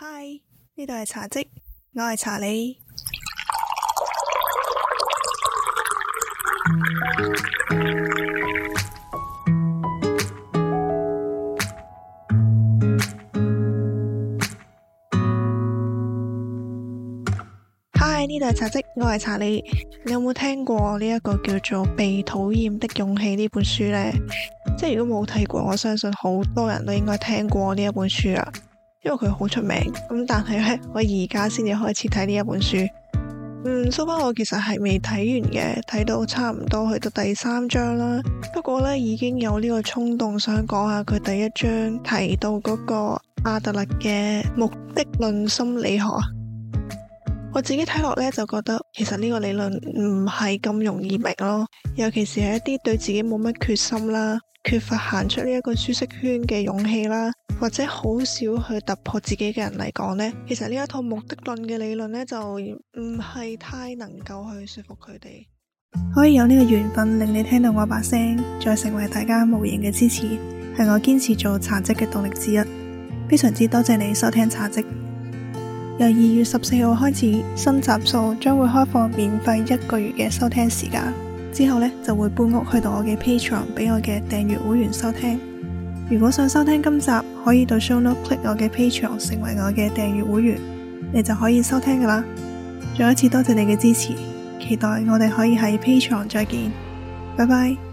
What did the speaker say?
嗨，呢度係茶嘖，我係查理。嗨，呢度係茶嘖，我係查理。你有冇聽過呢一個叫做《被討厭的勇氣》呢本書呢？即係如果冇睇過，我相信好多人都應該聽過呢一本書啦。因為佢好出名，咁但係呢，我而家先至開始睇呢一本書。嗯，蘇班我其實係未睇完嘅，睇到差唔多去到第三章啦。不過呢，已經有呢個衝動想講下佢第一章提到嗰個阿德勒嘅目的論心理學。我自己睇落呢，就覺得，其實呢個理論唔係咁容易明咯，尤其是係一啲對自己冇乜決心啦，缺乏行出呢一個舒適圈嘅勇氣啦。或者好少去突破自己嘅人嚟講咧，其實呢一套目的論嘅理論咧，就唔係太能夠去說服佢哋。可以有呢個緣分令你聽到我把聲，再成為大家無形嘅支持，係我堅持做茶嘖嘅動力之一。非常之多謝你收聽茶嘖。由二月十四號開始，新集數將會開放免費一個月嘅收聽時間，之後咧就會搬屋去到我嘅 Patreon 俾我嘅訂閱會員收聽。如果想收聽今集，可以到 ShowNote click 我嘅 Patreon 成為我嘅訂閱會員，你就可以收聽噶啦。再一次多謝你嘅支持，期待我哋可以喺 Patreon 再見，拜拜。